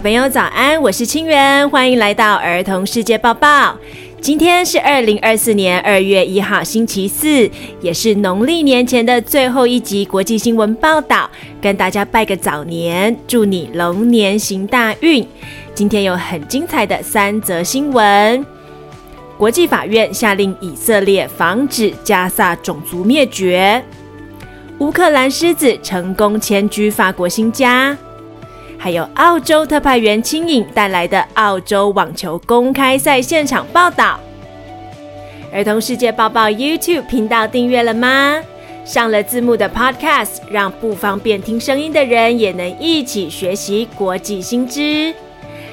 小朋友早安，我是清源，歡迎來到兒童世界報報。今天是二零二四年二月一號星期四，也是農曆年前的最後一集國際新聞報道，跟大家拜個早年，祝你龍年行大運。今天有很精彩的三則新聞：國際法院下令以色列防止加薩種族滅絕；烏克蘭獅子成功遷居法國新家。還有澳洲特派員卿穎帶來的澳洲網球公開賽現場報道兒童世界報報 YouTube 頻道訂閱了嗎？上了字幕的 Podcast，讓不方便聽聲音的人也能一起學習國際新知。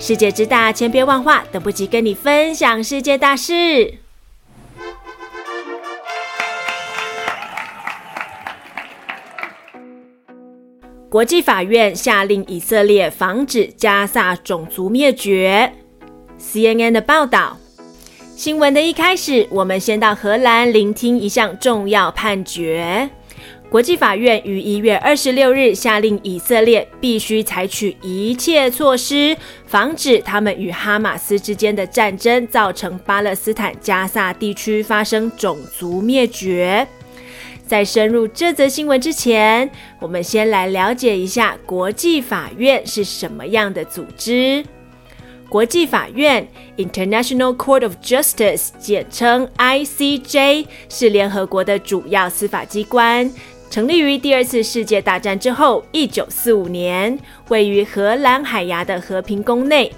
世界之大，千變萬化，等不及跟你分享世界大事。國際法院下令以色列防止加薩種族滅絕。CNN 的報道。新聞的一開始，我們先到荷蘭聆聽一項重要判決。國際法院於一月二十六日下令以色列必須採取一切措施，防止他們與哈馬斯之間的戰爭造成巴勒斯坦加薩地區發生種族滅絕。在深入這則新聞之前，我們先來了解一下國際法院是什麼樣的組織。國際法院 （International Court of Justice），簡稱 ICJ，是聯合國的主要司法機關，成立於第二次世界大戰之後（一九四五年），位於荷蘭海牙的和平宮內。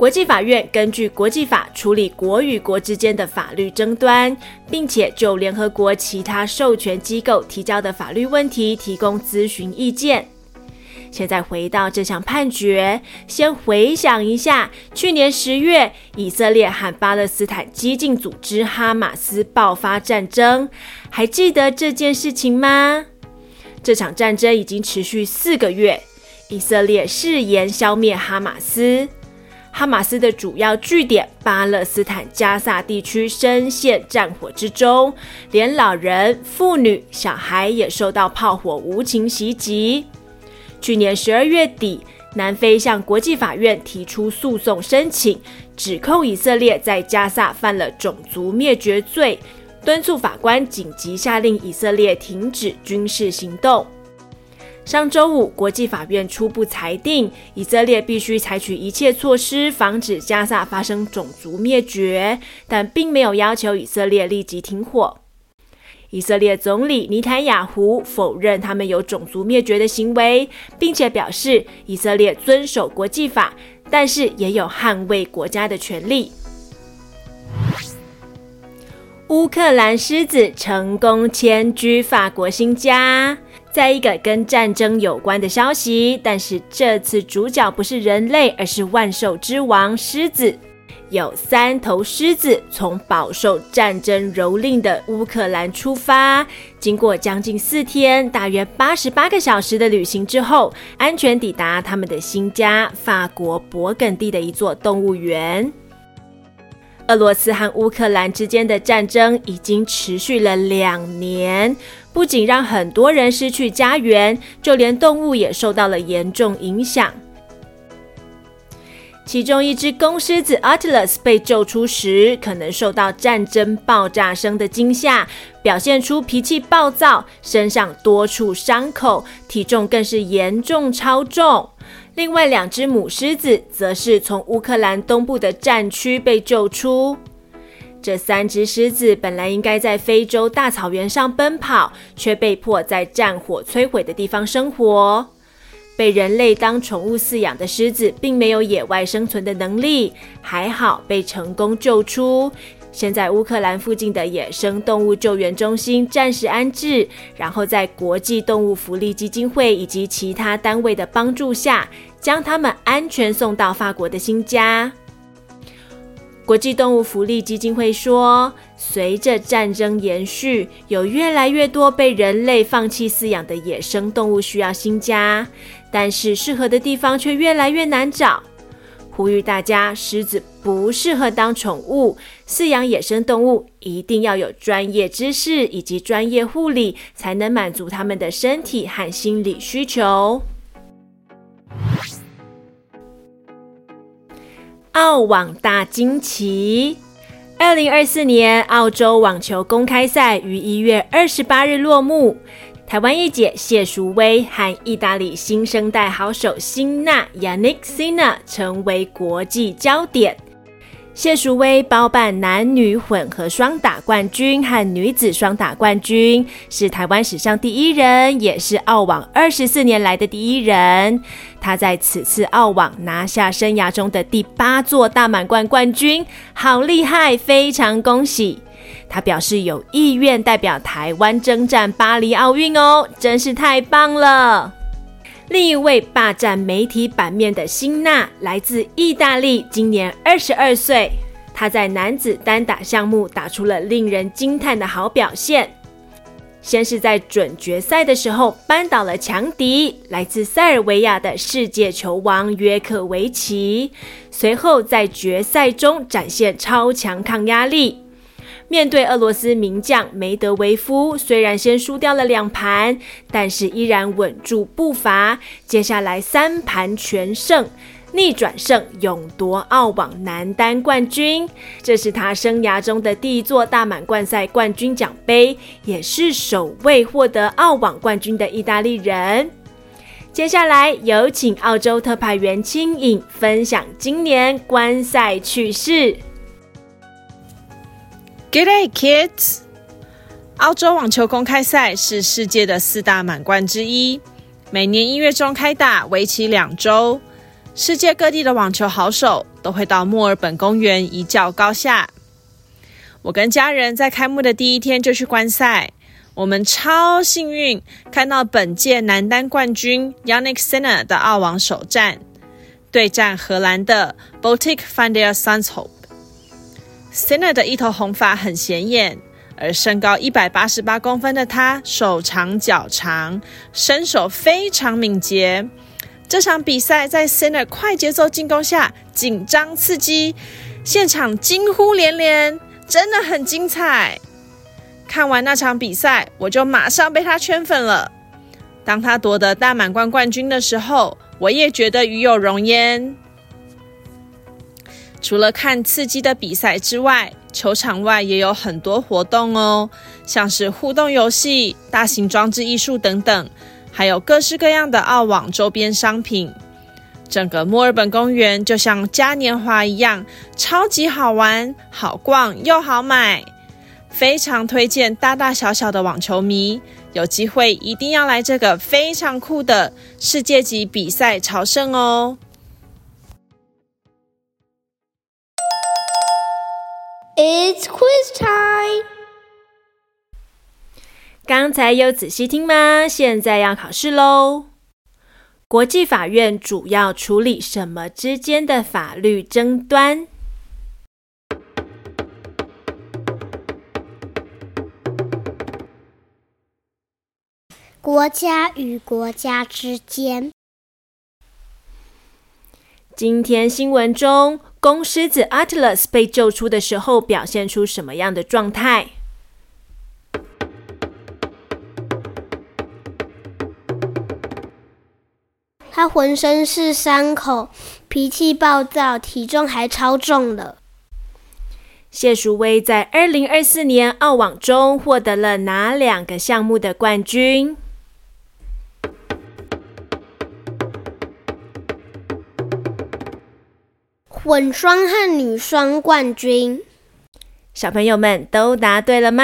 國際法院根據國際法處理國與國之間的法律爭端，並且就聯合國其他授權機構提交的法律問題提供諮詢意見。現在回到這項判決，先回想一下，去年十月，以色列和巴勒斯坦激進組織哈馬斯爆發戰爭，還記得這件事情嗎？這場戰爭已經持續四個月，以色列誓言消滅哈馬斯。哈馬斯的主要據點巴勒斯坦加薩地區深陷戰火之中，連老人、婦女、小孩也受到炮火無情襲擊。去年十二月底，南非向國際法院提出訴訟申請，指控以色列在加薩犯了種族滅絕罪，敦促法官緊急下令以色列停止軍事行動。上週五，國際法院初步裁定，以色列必須採取一切措施防止加薩發生種族滅絕，但並沒有要求以色列立即停火。以色列總理尼坦雅胡否認他們有種族滅絕的行為，並且表示以色列遵守國際法，但是也有捍衛國家的權利。烏克蘭獅子成功遷居法國新家。再一個跟戰爭有關的消息，但是這次主角不是人類，而是萬獸之王獅子。有三頭獅子從飽受戰爭蹂躪的烏克蘭出發，經過將近四天、大約八十八個小時的旅行之後，安全抵達他們的新家——法國勃艮第的一座動物園。俄羅斯和烏克蘭之間的戰爭已經持續了兩年，不僅讓很多人失去家園，就連動物也受到了嚴重影響。其中一隻公獅子 Atlas 被救出時，可能受到戰爭爆炸聲的驚嚇，表現出脾氣暴躁，身上多處傷口，體重更是嚴重超重。另外兩隻母獅子則是從烏克蘭東部的戰區被救出。這三隻獅子本來應該在非洲大草原上奔跑，卻被迫在戰火摧毀的地方生活。被人類當寵物飼養的獅子，並沒有野外生存的能力，還好被成功救出。先在烏克蘭附近的野生動物救援中心暫時安置，然後在國際動物福利基金會以及其他單位的幫助下，將它們安全送到法國的新家。國際動物福利基金會說，隨着戰爭延續，有越來越多被人類放棄飼養的野生動物需要新家，但是適合的地方卻越來越難找。呼籲大家，獅子不適合當寵物。飼養野生動物一定要有專業知識以及專業護理，才能滿足他們的身體和心理需求。澳網大驚奇，二零二四年澳洲網球公開賽於一月二十八日落幕。台灣一姐謝淑薇和意大利新生代好手辛娜 （Yannick s n a 成為國際焦點。謝淑薇包辦男女混合雙打冠軍和女子雙打冠軍，是台灣史上第一人，也是澳網二十四年來的第一人。他在此次澳網拿下生涯中的第八座大滿貫冠、冠軍，好厲害！非常恭喜。他表示有意願代表台灣征戰巴黎奧運哦，真是太棒了！另一位霸佔媒體版面的辛納，來自意大利，今年二十二歲，他在男子單打項目打出了令人驚嘆的好表現。先是在準決賽的時候扳倒了強敵，來自塞爾維亞的世界球王約克維奇，隨後在決賽中展現超強抗壓力，面對俄羅斯名將梅德維夫，雖然先輸掉了兩盤，但是依然穩住步伐，接下來三盤全勝，逆轉勝，勇奪澳網男單冠軍。這是他生涯中的第一座大滿貫賽冠軍獎杯，也是首位獲得澳網冠軍的意大利人。接下來有請澳洲特派員卿穎分享今年觀賽趣事。Good day, kids！澳洲網球公開賽是世界的四大滿貫之一，每年一月中開打，為期兩週。世界各地的網球好手都會到墨爾本公園一較高下。我跟家人在開幕的第一天就去觀賽，我們超幸運看到本屆男單冠軍 Jannik Sinner 的澳網首戰，對戰荷蘭的 Botic van de Zandschulp Sinner 的一頭紅髮很顯眼，而身高一百八十八公分的他手長腳長，身手非常敏捷。這場比賽在 Sinner 快節奏進攻下緊張刺激，現場驚呼連連，真的很精彩。看完那場比賽，我就馬上被他圈粉了。當他奪得大滿貫冠軍的時候，我也覺得與有榮焉。除了看刺激的比賽之外，球場外也有很多活動哦，像是互動遊戲、大型裝置藝術等等，還有各式各樣的澳網周邊商品。整個墨爾本公園就像嘉年華一樣，超級好玩、好逛又好買，非常推薦大大小小的網球迷，有機會一定要來這個非常酷的世界級比賽朝聖哦！It's quiz time！剛才有仔細聽嗎？現在要考試嘍。國際法院主要處理什麼之間的法律爭端？國家與國家之間。今天新聞中，公獅子 Atlas 被救出的時候，表現出什麼樣的狀態？他渾身是傷口，脾氣暴躁，體重還超重了。謝淑薇在二零二四年澳網中獲得了哪兩個項目的冠軍？混雙和女雙冠軍，小朋友們都答對了嗎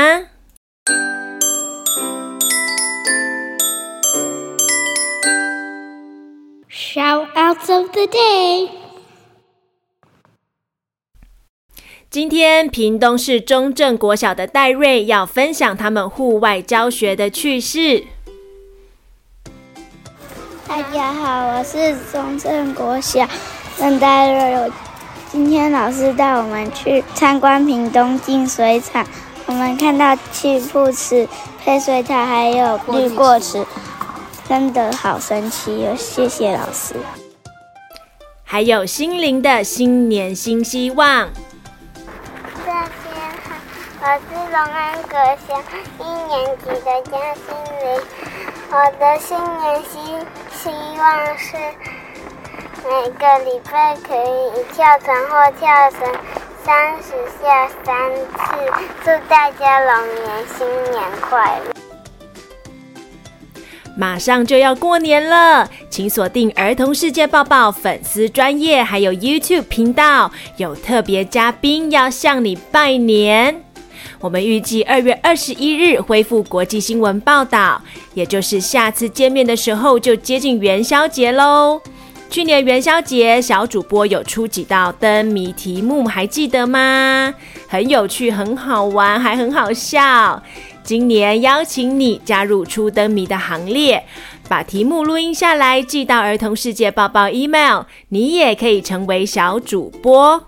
？Shoutouts of the day，今天屏東市中正國小的戴瑞要分享他們戶外教學的趣事。大家好，我是中正國小鄭戴瑞。今天老師帶我們去參觀屏東淨水廠，我們看到氣浮池、配水塔還有濾過池，真的好神奇喲、哦！謝謝老師。還有心靈的新年新希望。大家好，我是龍安國小一年級的江心靈。我的新年新希望是。每個禮拜可以跳繩或跳繩三十下三次。祝大家龍年新年快樂！馬上就要過年了，請鎖定《兒童世界報報》粉絲專業，還有 YouTube 頻道，有特別嘉賓要向你拜年。我們預計二月二十一日恢復國際新聞報道，也就是下次見面的時候就接近元宵節嘍。去年元宵節，小主播有出幾道燈謎題目，還記得嗎？很有趣，很好玩，還很好笑。今年邀請你加入出燈謎的行列，把題目錄音下來，寄到兒童世界報報 email，你也可以成為小主播。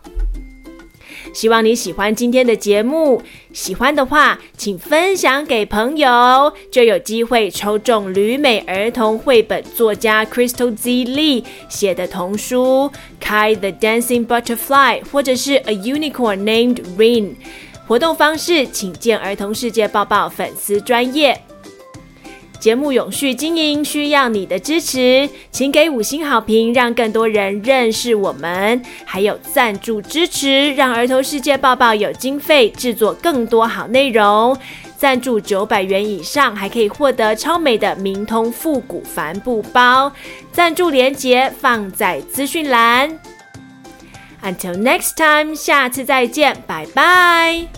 希望你喜歡今天的節目，喜歡的話請分享給朋友，就有機會抽中旅美兒童繪本作家 Crystal Zee Lee 寫的童書《Kai The Dancing Butterfly》或者是《A Unicorn Named Rin》。活動方式，請見《兒童世界報報》粉絲專頁。節目永續經營需要你的支持，請給五星好評，讓更多人認識我們。還有贊助支持，讓兒童世界報報有經費製作更多好內容。贊助九百元以上，還可以獲得超美的明通復古帆布包。贊助鏈接放在資訊欄。Until next time，下次再見，拜拜。